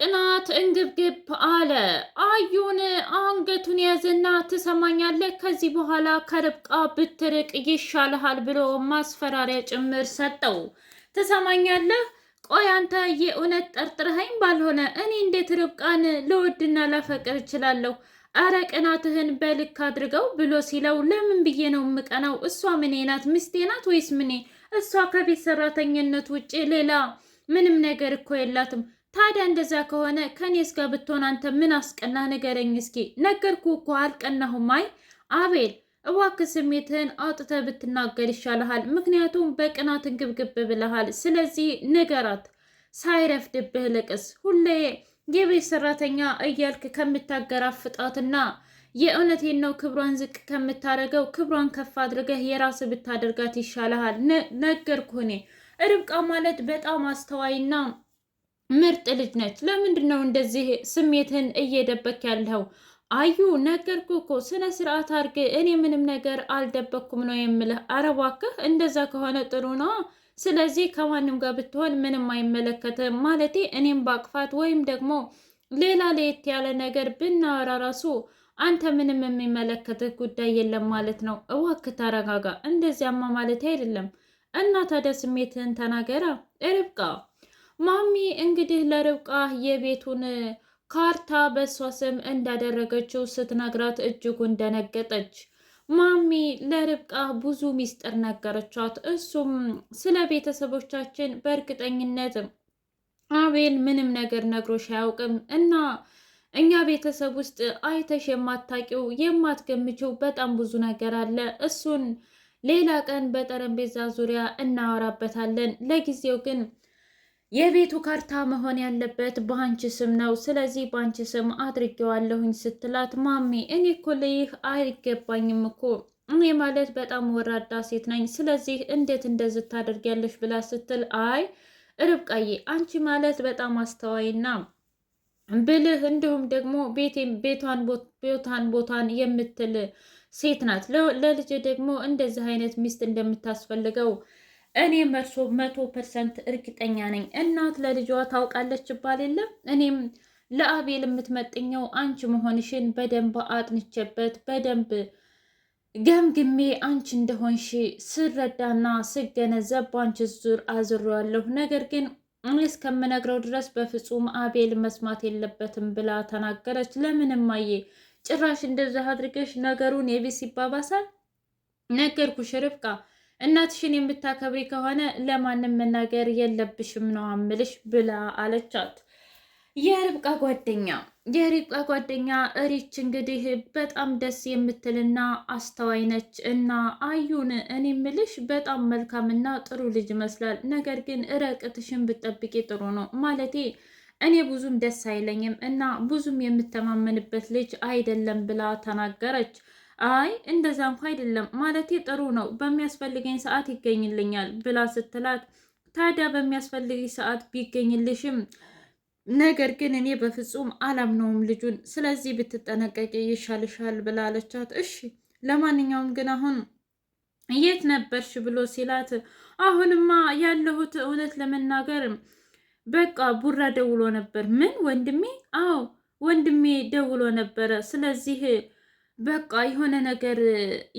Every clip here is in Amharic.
ቅናት እንግብግብ አለ። አዩን አንገቱን ያዘና ትሰማኛለህ፣ ከዚህ በኋላ ከርብቃ ብትርቅ ይሻልሃል ብሎ ማስፈራሪያ ጭምር ሰጠው። ትሰማኛለህ፣ ቆይ አንተ የእውነት ጠርጥረኸኝ ባልሆነ እኔ እንዴት ርብቃን ልወድና ላፈቅር እችላለሁ? አረ ቅናትህን በልክ አድርገው ብሎ ሲለው ለምን ብዬ ነው የምቀናው? እሷ ምኔ ናት? ሚስቴ ናት ወይስ ምኔ? እሷ ከቤት ሰራተኝነት ውጭ ሌላ ምንም ነገር እኮ የላትም። ታዲያ እንደዛ ከሆነ ከኔ ጋር ብትሆን አንተ ምን አስቀና? ንገረኝ እስኪ። ነገርኩ እኮ አልቀናሁም። አይ አቤል እባክህ ስሜትህን አውጥተ ብትናገር ይሻልሃል። ምክንያቱም በቅናት እንግብግብ ብለሃል። ስለዚህ ንገራት ሳይረፍድብህ ልቅስ። ሁሌ የቤት ሰራተኛ እያልክ ከምታገራፍጣትና የእውነቴን ነው ክብሯን ዝቅ ከምታደርገው ክብሯን ከፍ አድርገህ የራስ ብታደርጋት ይሻልሃል። ነገርኩህ እኔ ርብቃ ማለት በጣም አስተዋይና ምርጥ ልጅ ነች። ለምንድን ነው እንደዚህ ስሜትን እየደበክ ያለው? አዩ ነገርኩ እኮ ስነ ስርዓት አድርግ። እኔ ምንም ነገር አልደበኩም ነው የምልህ። አረ እባክህ፣ እንደዛ ከሆነ ጥሩ ነው። ስለዚህ ከማንም ጋር ብትሆን ምንም አይመለከትም። ማለቴ እኔም ባቅፋት ወይም ደግሞ ሌላ ለየት ያለ ነገር ብናወራ ራሱ አንተ ምንም የሚመለከትህ ጉዳይ የለም ማለት ነው። እባክህ ተረጋጋ። እንደዚያማ ማለት አይደለም። እና ታዲያ ስሜትህን ተናገራ ርብቃ ማሚ እንግዲህ ለርብቃ የቤቱን ካርታ በእሷ ስም እንዳደረገችው ስትነግራት እጅጉን ደነገጠች። ማሚ ለርብቃ ብዙ ሚስጥር ነገረቻት። እሱም ስለ ቤተሰቦቻችን በእርግጠኝነት አቤል ምንም ነገር ነግሮሽ አያውቅም እና እኛ ቤተሰብ ውስጥ አይተሽ የማታውቂው የማትገምችው በጣም ብዙ ነገር አለ። እሱን ሌላ ቀን በጠረጴዛ ዙሪያ እናወራበታለን። ለጊዜው ግን የቤቱ ካርታ መሆን ያለበት በአንቺ ስም ነው። ስለዚህ በአንቺ ስም አድርጌዋለሁኝ ስትላት ማሚ እኔ እኮ ልይህ አይገባኝም እኮ እኔ ማለት በጣም ወራዳ ሴት ነኝ። ስለዚህ እንዴት እንደዚህ ታደርጊያለሽ ብላ ስትል አይ ርብቃዬ አንቺ ማለት በጣም አስተዋይና ብልህ እንዲሁም ደግሞ ቤቷን ቦታን የምትል ሴት ናት። ለልጅ ደግሞ እንደዚህ አይነት ሚስት እንደምታስፈልገው እኔ መርሶ መቶ ፐርሰንት እርግጠኛ ነኝ። እናት ለልጇ ታውቃለች ይባል የለም። እኔም ለአቤል የምትመጥኘው አንቺ መሆንሽን በደንብ አጥንቼበት በደንብ ገምግሜ አንቺ እንደሆንሽ ስረዳና ስገነዘብ በአንቺ ዙር አዝሬዋለሁ። ነገር ግን እኔ እስከምነግረው ድረስ በፍጹም አቤል መስማት የለበትም ብላ ተናገረች። ለምንም አየ ጭራሽ እንደዚህ አድርገሽ ነገሩን የቢስ ይባባሳል። ነገርኩሽ ርብቃ እናትሽን የምታከብሪ ከሆነ ለማንም መናገር የለብሽም ነው አምልሽ ብላ አለቻት። የርብቃ ጓደኛ የርብቃ ጓደኛ እሪች እንግዲህ በጣም ደስ የምትልና አስተዋይ ነች እና አዩን እኔ ምልሽ በጣም መልካምና ጥሩ ልጅ ይመስላል። ነገር ግን ረቅትሽን ብጠብቂ ጥሩ ነው ማለቴ እኔ ብዙም ደስ አይለኝም እና ብዙም የምተማመንበት ልጅ አይደለም ብላ ተናገረች። አይ እንደዛ እንኳ አይደለም ማለቴ ጥሩ ነው፣ በሚያስፈልገኝ ሰዓት ይገኝልኛል ብላ ስትላት፣ ታዲያ በሚያስፈልገኝ ሰዓት ቢገኝልሽም ነገር ግን እኔ በፍጹም አላምነውም ልጁን፣ ስለዚህ ብትጠነቀቂ ይሻልሻል ብላለቻት እሺ ለማንኛውም ግን አሁን የት ነበርሽ ብሎ ሲላት፣ አሁንማ ያለሁት እውነት ለመናገር በቃ ቡራ ደውሎ ነበር። ምን ወንድሜ? አዎ ወንድሜ ደውሎ ነበረ። ስለዚህ በቃ የሆነ ነገር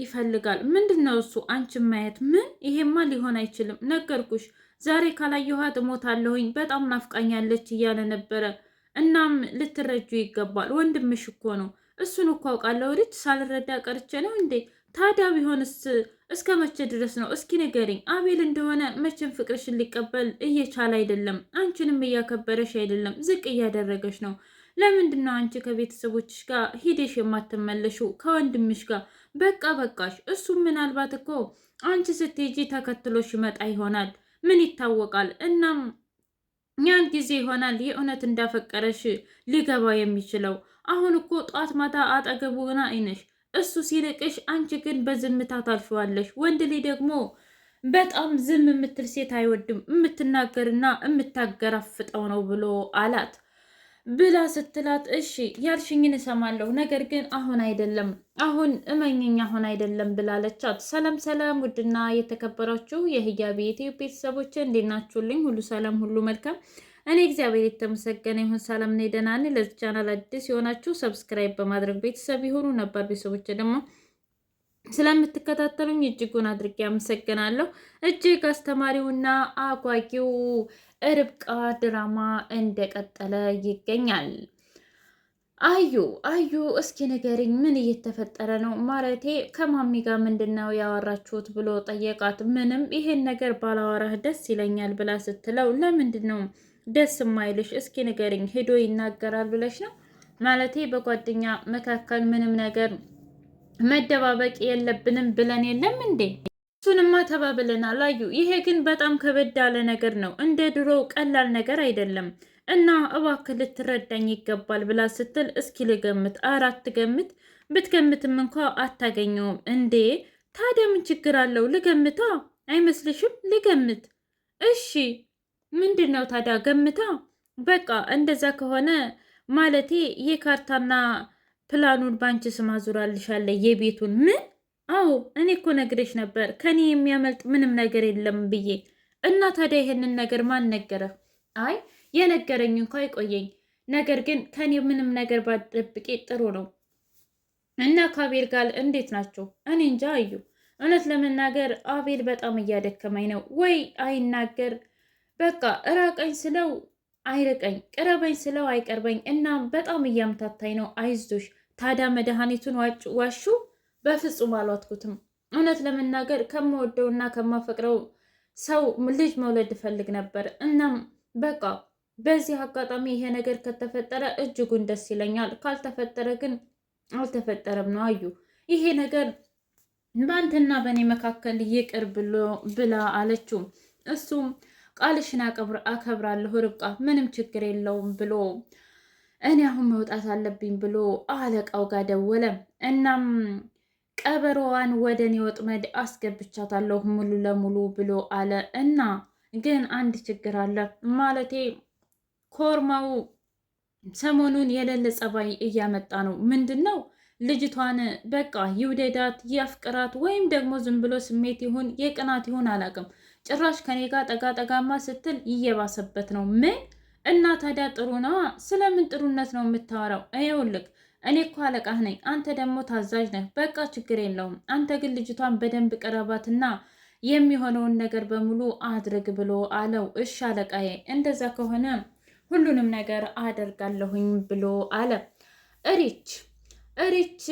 ይፈልጋል። ምንድን ነው እሱ? አንቺ ማየት ምን? ይሄማ ሊሆን አይችልም። ነገርኩሽ፣ ዛሬ ካላየኋት እሞታለሁኝ፣ በጣም ናፍቃኛለች እያለ ነበረ። እናም ልትረጁ ይገባል። ወንድምሽ እኮ ነው። እሱን እኮ አውቃለሁ። ልጅ ሳልረዳ ቀርቼ ነው እንዴ? ታዲያ ቢሆንስ እስከ መቼ ድረስ ነው? እስኪ ንገሪኝ። አቤል እንደሆነ መቼም ፍቅርሽን ሊቀበል እየቻለ አይደለም። አንቺንም እያከበረሽ አይደለም፣ ዝቅ እያደረገች ነው። ለምንድን ነው አንቺ ከቤተሰቦችሽ ጋር ሂደሽ የማትመለሽው? ከወንድምሽ ጋር በቃ በቃሽ። እሱ ምናልባት እኮ አንቺ ስትሄጂ ተከትሎሽ ይመጣ ይሆናል። ምን ይታወቃል? እናም ያን ጊዜ ይሆናል የእውነት እንዳፈቀረሽ ሊገባ የሚችለው። አሁን እኮ ጧት ማታ አጠገቡ ግና አይነሽ እሱ ሲልቅሽ፣ አንቺ ግን በዝምታ ታልፈዋለሽ። ወንድ ልጅ ደግሞ በጣም ዝም የምትል ሴት አይወድም፣ የምትናገርና የምታገራፍጠው ነው ብሎ አላት። ብላ ስትላት እሺ ያልሽኝን እሰማለሁ፣ ነገር ግን አሁን አይደለም፣ አሁን እመኝኝ፣ አሁን አይደለም ብላለቻት። ሰላም ሰላም! ውድና የተከበራችሁ የህያ ቤቴ ቤተሰቦች እንዴናችሁልኝ? ሁሉ ሰላም፣ ሁሉ መልካም። እኔ እግዚአብሔር የተመሰገነ ይሁን ሰላም ነኝ፣ ደህና ነኝ። ለዚህ ቻናል አዲስ የሆናችሁ ሰብስክራይብ በማድረግ ቤተሰብ ይሁኑ። ነባር ቤተሰቦች ደግሞ ስለምትከታተሉኝ እጅጉን አድርጌ አመሰግናለሁ። እጅግ አስተማሪውና አጓጊው ርብቃ ድራማ እንደቀጠለ ይገኛል። አዩ አዩ እስኪ ንገሪኝ፣ ምን እየተፈጠረ ነው? ማለቴ ከማሚ ጋር ምንድን ነው ያወራችሁት ብሎ ጠየቃት። ምንም ይሄን ነገር ባላወራህ ደስ ይለኛል ብላ ስትለው፣ ለምንድን ነው ደስ የማይልሽ? እስኪ ንገሪኝ፣ ሄዶ ይናገራል ብለሽ ነው? ማለቴ በጓደኛ መካከል ምንም ነገር መደባበቅ የለብንም ብለን የለም እንዴ? እሱንማ ተባብለናል አዩ። ይሄ ግን በጣም ከበድ ያለ ነገር ነው፣ እንደ ድሮ ቀላል ነገር አይደለም እና እባክህ ልትረዳኝ ይገባል ብላ ስትል እስኪ ልገምት፣ ኧረ አትገምት፣ ብትገምትም እንኳ አታገኘውም። እንዴ ታዲያ ምን ችግር አለው? ልገምታ አይመስልሽም? ልገምት። እሺ ምንድን ነው ታዲያ? ገምታ። በቃ እንደዛ ከሆነ ማለቴ የካርታና ፕላኑን ባንቺ ስም አዙራልሻለሁ የቤቱን ምን አዎ እኔ እኮ ነግሬሽ ነበር ከኔ የሚያመልጥ ምንም ነገር የለም ብዬ እና ታዲያ ይሄንን ነገር ማን ነገረ? አይ የነገረኝ እንኳ አይቆየኝ። ነገር ግን ከኔ ምንም ነገር ባደብቄ ጥሩ ነው። እና ከአቤል ጋር እንዴት ናቸው? እኔ እንጃ አዩ። እውነት ለመናገር አቤል በጣም እያደከመኝ ነው። ወይ አይናገር በቃ እራቀኝ ስለው አይርቀኝ፣ ቅረበኝ ስለው አይቀርበኝ። እናም በጣም እያምታታኝ ነው። አይዞሽ ታዲያ መድኃኒቱን ዋሹ በፍጹም አልዋትኩትም። እውነት ለመናገር ከምወደው እና ከማፈቅረው ሰው ልጅ መውለድ እፈልግ ነበር። እናም በቃ በዚህ አጋጣሚ ይሄ ነገር ከተፈጠረ እጅጉን ደስ ይለኛል። ካልተፈጠረ ግን አልተፈጠረም ነው አዩ። ይሄ ነገር በአንተና በእኔ መካከል ይቅር ብሎ ብላ አለችው። እሱም ቃልሽን አከብራለሁ ርብቃ፣ ምንም ችግር የለውም ብሎ እኔ አሁን መውጣት አለብኝ ብሎ አለቃው ጋር ደወለ። እናም ቀበሮዋን ወደ እኔ ወጥመድ አስገብቻታለሁ ሙሉ ለሙሉ ብሎ አለ። እና ግን አንድ ችግር አለ ማለቴ ኮርማው ሰሞኑን የሌለ ጸባይ እያመጣ ነው። ምንድን ነው? ልጅቷን በቃ ይውደዳት ያፍቅራት፣ ወይም ደግሞ ዝም ብሎ ስሜት ይሁን የቅናት ይሁን አላውቅም። ጭራሽ ከኔ ጋር ጠጋ ጠጋማ ስትል እየባሰበት ነው። ምን እና ታዲያ ጥሩ ነዋ። ስለምን ጥሩነት ነው የምታወራው? ይኸውልህ እኔ እኮ አለቃህ ነኝ፣ አንተ ደግሞ ታዛዥ ነህ። በቃ ችግር የለውም። አንተ ግን ልጅቷን በደንብ ቀረባትና የሚሆነውን ነገር በሙሉ አድርግ ብሎ አለው። እሺ አለቃዬ፣ እንደዛ ከሆነ ሁሉንም ነገር አደርጋለሁኝ ብሎ አለ። እሪች እሪች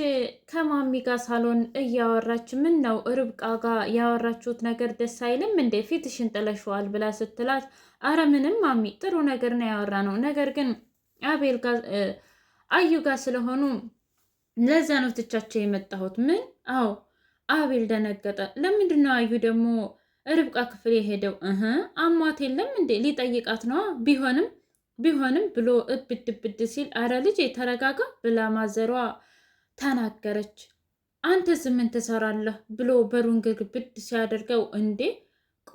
ከማሚ ጋር ሳሎን እያወራች ምን ነው ርብቃ ጋር ያወራችሁት ነገር ደስ አይልም እንዴ? ፊትሽን ጥለሽዋል ብላ ስትላት፣ አረ ምንም ማሚ፣ ጥሩ ነገር ነው ያወራ ነው ነገር ግን አቤል ጋር አዩ ጋር ስለሆኑ ለዛ ነው ትቻቸው የመጣሁት። ምን? አዎ አቤል ደነገጠ። ለምንድን ነው አዩ ደግሞ ርብቃ ክፍል የሄደው? እህ አሟት የለም እንዴ? ሊጠይቃት ነዋ። ቢሆንም ቢሆንም ብሎ እብድ ብድ ሲል አረ ልጅ የተረጋጋ ብላ ማዘሯ ተናገረች። አንተ ዝምን ትሰራለህ ብሎ በሩን ግግብድ ሲያደርገው እንዴ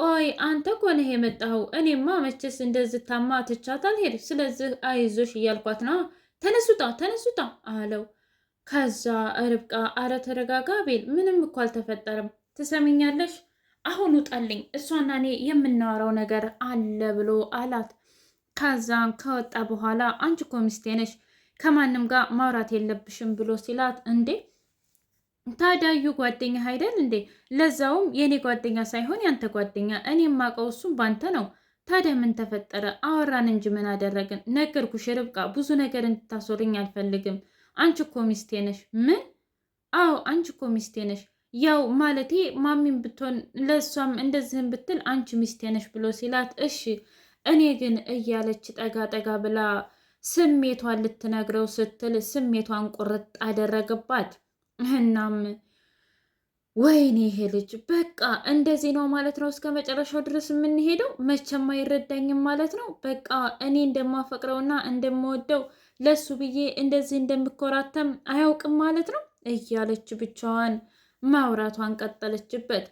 ቆይ አንተ ኮነ የመጣኸው? እኔማ መቼስ እንደዚህ ታማ ትቻታል ሄድ። ስለዚህ አይዞሽ እያልኳት ነዋ ተነሱጣ ተነሱጣ አለው። ከዛ ርብቃ አረ ተረጋጋ ቤል፣ ምንም እኮ አልተፈጠረም። ትሰሚኛለሽ? አሁን ውጣልኝ፣ እሷና እኔ የምናወራው ነገር አለ ብሎ አላት። ከዛም ከወጣ በኋላ አንቺ እኮ ሚስቴ ነሽ ከማንም ጋር ማውራት የለብሽም ብሎ ሲላት፣ እንዴ ታዳዩ ጓደኛ አይደል እንዴ? ለዛውም የእኔ ጓደኛ ሳይሆን ያንተ ጓደኛ። እኔ የማውቀው እሱም ባንተ ነው ታዲያ ምን ተፈጠረ? አወራን እንጂ ምን አደረግን? ነገርኩሽ ርብቃ፣ ብዙ ነገር እንድታስወርኝ አልፈልግም። አንቺ እኮ ሚስቴ ነሽ። ምን? አዎ አንቺ እኮ ሚስቴ ነሽ። ያው ማለቴ ማሚን ብትሆን ለእሷም እንደዚህም ብትል አንቺ ሚስቴ ነሽ ብሎ ሲላት፣ እሺ እኔ ግን እያለች ጠጋ ጠጋ ብላ ስሜቷን ልትነግረው ስትል ስሜቷን ቁርጥ አደረገባት። እናም ወይኔ ይሄ ልጅ በቃ እንደዚህ ነው ማለት ነው። እስከ መጨረሻው ድረስ የምንሄደው መቼም አይረዳኝም ማለት ነው። በቃ እኔ እንደማፈቅረውና እንደምወደው ለሱ ብዬ እንደዚህ እንደምኮራተም አያውቅም ማለት ነው እያለች ብቻዋን ማውራቷን ቀጠለችበት።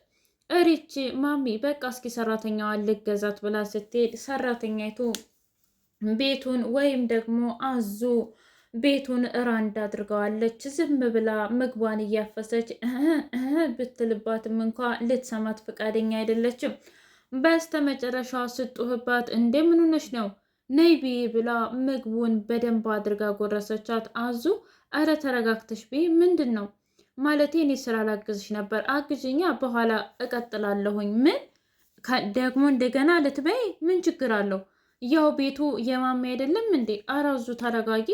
እሪች ማሚ በቃ እስኪ ሰራተኛዋን ልገዛት ብላ ስትሄድ ሰራተኛይቱ ቤቱን ወይም ደግሞ አዙ ቤቱን ራንድ አድርገዋለች። ዝም ብላ ምግቧን እያፈሰች ብትልባትም እንኳ ልትሰማት ፈቃደኛ አይደለችም። በስተ መጨረሻ ስጡህባት እንደ ምን ነው ነይ ብላ ምግቡን በደንብ አድርጋ ጎረሰቻት። አዙ አረ ተረጋግተሽ ብዬ ምንድን ነው ማለቴ እኔ ስራ ላግዝሽ ነበር አግዥኛ፣ በኋላ እቀጥላለሁኝ። ምን ደግሞ እንደገና ልትበይ ምን ችግር አለው? ያው ቤቱ የማማ አይደለም እንዴ? አራዙ ተረጋጊ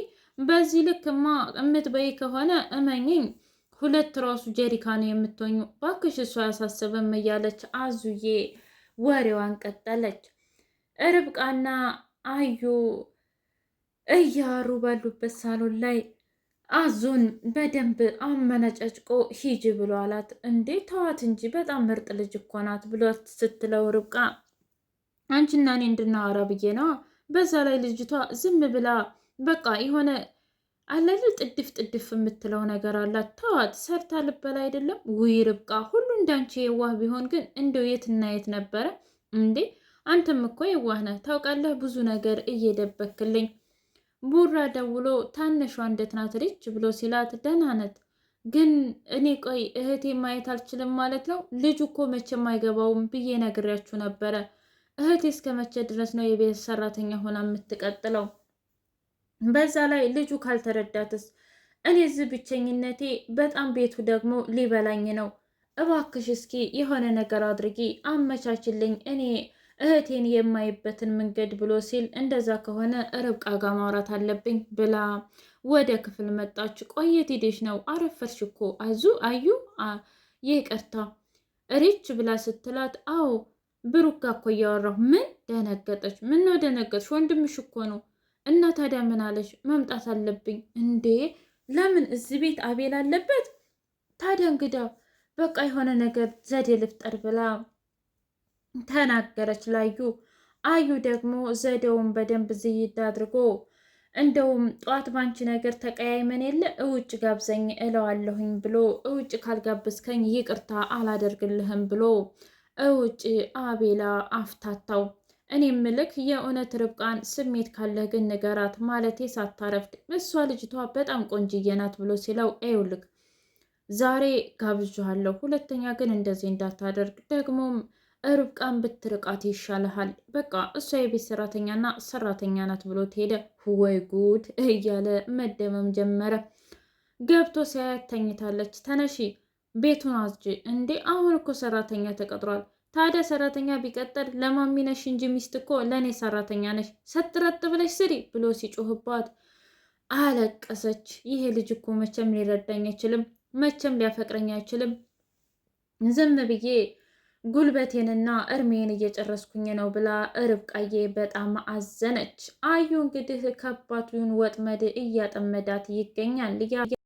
በዚህ ልክማ እምትበይ ከሆነ እመኝኝ ሁለት ራሱ ጀሪካን የምትወኙ። ባክሽ፣ እሱ አያሳስብም እያለች አዙዬ ወሬዋን ቀጠለች። ርብቃና አዩ እያሩ ባሉበት ሳሎን ላይ አዙን በደንብ አመነጨጭቆ ሂጂ ብሎ አላት። እንዴ ተዋት እንጂ በጣም ምርጥ ልጅ እኮ ናት ብሎ ስትለው ርብቃ አንቺና እኔ እንድናወራ ብዬ ነዋ። በዛ ላይ ልጅቷ ዝም ብላ በቃ የሆነ አለል ጥድፍ ጥድፍ የምትለው ነገር አላት። ተዋት፣ ሰርታ ልበላ አይደለም ውይ ርብቃ፣ ሁሉ እንዳንቺ የዋህ ቢሆን ግን እንደው የትና የት ነበረ እንዴ? አንተም እኮ የዋህ ነህ ታውቃለህ፣ ብዙ ነገር እየደበክልኝ። ቡራ ደውሎ ታነሿ እንዴት ናት ልጅ ብሎ ሲላት ደህና ናት፣ ግን እኔ ቆይ እህቴ ማየት አልችልም ማለት ነው? ልጁ እኮ መቼም አይገባውም ብዬ ነግሬያችሁ ነበረ። እህቴ እስከ መቼ ድረስ ነው የቤት ሰራተኛ ሆና የምትቀጥለው? በዛ ላይ ልጁ ካልተረዳትስ? እኔ እዚህ ብቸኝነቴ በጣም ቤቱ ደግሞ ሊበላኝ ነው። እባክሽ እስኪ የሆነ ነገር አድርጊ፣ አመቻችልኝ እኔ እህቴን የማይበትን መንገድ ብሎ ሲል እንደዛ ከሆነ ርብቃ ጋር ማውራት አለብኝ ብላ ወደ ክፍል መጣች። ቆየት ሂደሽ ነው አረፈርሽ እኮ አዙ አዩ ይቅርታ ሪች ብላ ስትላት፣ አዎ ብሩክ ጋር እኮ እያወራሁ ምን ደነገጠች? ምን ነው ደነገጥሽ? ወንድምሽ እኮ ነው እና ታዲያ ምን አለሽ? መምጣት አለብኝ እንዴ? ለምን እዚህ ቤት አቤል አለበት? ታዲያ እንግዳ በቃ የሆነ ነገር ዘዴ ልፍጠር ብላ ተናገረች ላዩ። አዩ ደግሞ ዘዴውን በደንብ ዝይድ አድርጎ እንደውም ጠዋት ባንቺ ነገር ተቀያይመን የለ እውጭ ጋብዘኝ እለዋለሁኝ ብሎ እውጭ ካልጋብዝከኝ ይቅርታ አላደርግልህም ብሎ እውጭ አቤላ አፍታታው። እኔ ምልክ የእውነት ርብቃን ስሜት ካለህ ግን ንገራት፣ ማለቴ ሳታረፍድ እሷ ልጅቷ በጣም ቆንጅዬ ናት ብሎ ሲለው ይኸውልህ ዛሬ ጋብዣሃለሁ፣ ሁለተኛ ግን እንደዚህ እንዳታደርግ፣ ደግሞም ርብቃን ብትርቃት ይሻልሃል። በቃ እሷ የቤት ሰራተኛና ሰራተኛ ናት ብሎ ሄደ። ወይ ጉድ እያለ መደመም ጀመረ። ገብቶ ሲያያት ተኝታለች። ተነሺ ቤቱን አዝጂ። እንዴ አሁን እኮ ሰራተኛ ተቀጥሯል ታዲያ ሰራተኛ ቢቀጠል ለማሚነሽ እንጂ ሚስት እኮ ለእኔ ሰራተኛ ነሽ፣ ሰጥረጥ ብለሽ ስሪ ብሎ ሲጮህባት አለቀሰች። ይሄ ልጅ እኮ መቼም ሊረዳኝ አይችልም፣ መቼም ሊያፈቅረኝ አይችልም። ዝም ብዬ ጉልበቴንና እርሜን እየጨረስኩኝ ነው ብላ ርብቃዬ በጣም አዘነች። አዩ እንግዲህ ከባቱን ወጥመድ እያጠመዳት ይገኛል።